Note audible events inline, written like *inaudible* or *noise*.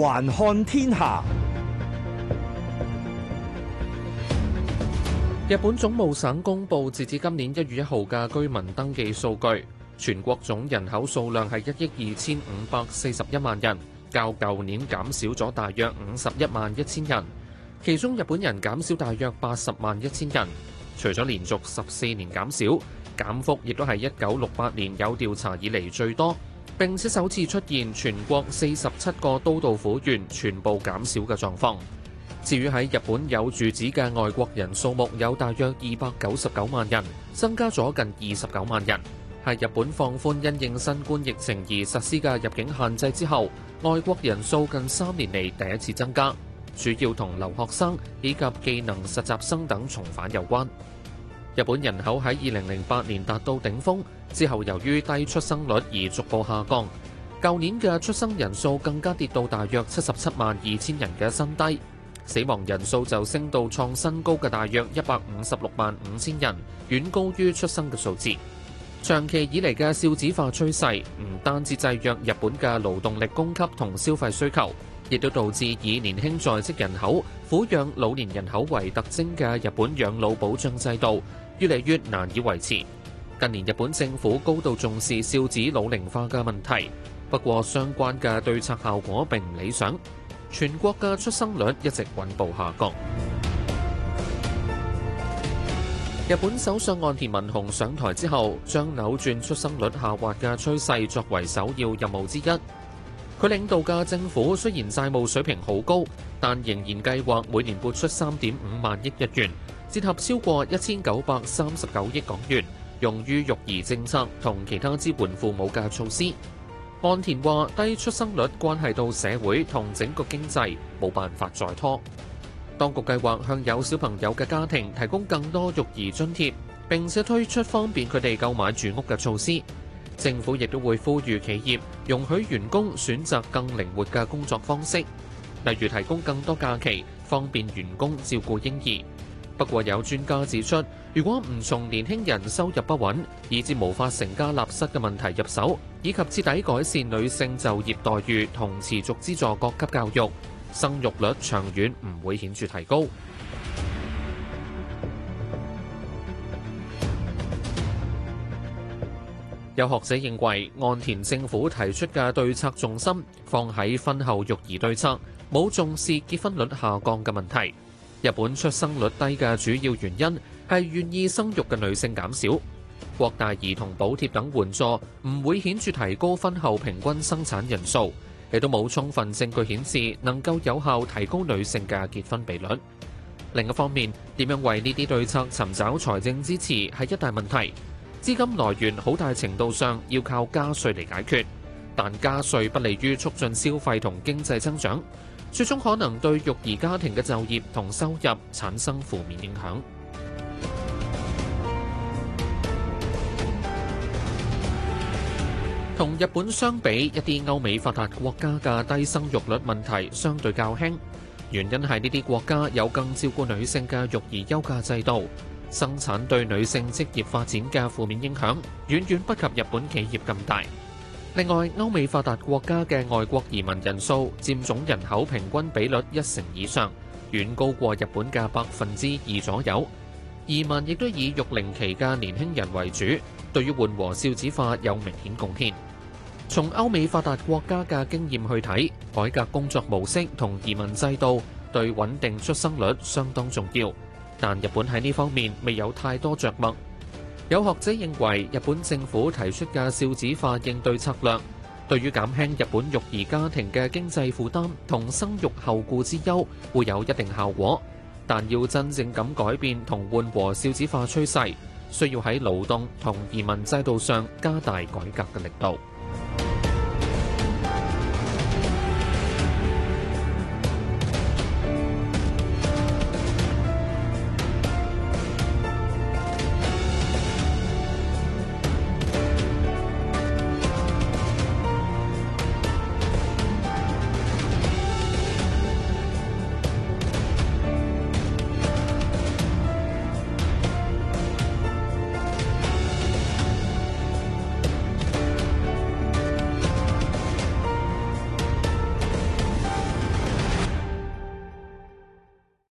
環看天下，日本總務省公布截至今年一月一號嘅居民登記數據，全國總人口數量係一億二千五百四十一萬人，較舊年減少咗大約五十一萬一千人，其中日本人減少大約八十萬一千人，除咗連續十四年減少，減幅亦都係一九六八年有調查以嚟最多。並且首次出現全國四十七個都道府縣全部減少嘅狀況。至於喺日本有住址嘅外國人數目有大約二百九十九萬人，增加咗近二十九萬人，係日本放寬因應新冠疫情而實施嘅入境限制之後，外國人數近三年嚟第一次增加，主要同留學生以及技能實習生等重返有關。日本人口喺二零零八年達到頂峰愈嚟愈難以維持。近年日本政府高度重視少子老齡化嘅問題，不過相關嘅對策效果並唔理想。全國嘅出生率一直穩步下降。日本首相岸田文雄上台之後，將扭轉出生率下滑嘅趨勢作為首要任務之一。佢領導嘅政府雖然債務水平好高，但仍然計劃每年撥出三點五萬億日圓。折合超過1939億港元，用於育兒政策同其他支援父母嘅措施。岸田話，低出生率關係到社會同整個經濟，冇辦法再拖。當局計劃向有小朋友嘅家庭提供更多育兒津貼，並且推出方便佢哋購買住屋嘅措施。政府亦都會呼籲企業容許員工選擇更靈活嘅工作方式，例如提供更多假期，方便員工照顧嬰兒。不過有專家指出，如果唔從年輕人收入不穩以至無法成家立室嘅問題入手，以及徹底改善女性就業待遇同持續資助各級教育，生育率長遠唔會顯著提高。 *music* 有學者認為，岸田政府提出嘅對策重心放喺婚後育兒對策，冇重視結婚率下降嘅問題。日本出生率低嘅主要原因係願意生育嘅女性減少，擴大兒童補貼等援助唔會顯著提高婚後平均生產人數，亦都冇充分證據顯示能夠有效提高女性嘅結婚比率。另一方面，點樣為呢啲對策尋找財政支持，係一大問題，資金來源好大程度上要靠加稅嚟解決，但加稅不利於促進消費和經濟增長最終可能對育兒家庭嘅就業同收入產生負面影響。同日本相比，一啲歐美發達國家嘅低生育率問題相對較輕，原因係呢啲國家有更照顧女性嘅育兒休假制度，生產對女性職業發展嘅負面影響遠遠不及日本企業咁大。另外，歐美發達國家嘅外國移民人數佔總人口平均比率一成以上，遠高過日本嘅百分之二左右。移民亦都以育齡期嘅年輕人為主，對於緩和少子化有明顯貢獻。從歐美發達國家嘅經驗去睇，改革工作模式同移民制度對穩定出生率相當重要，但日本喺呢方面未有太多着墨。有學者認為，日本政府提出嘅少子化應對策略，對於減輕日本育兒家庭嘅經濟負擔同生育後顧之憂會有一定效果，但要真正咁改變同緩和少子化趨勢，需要喺勞動同移民制度上加大改革嘅力度。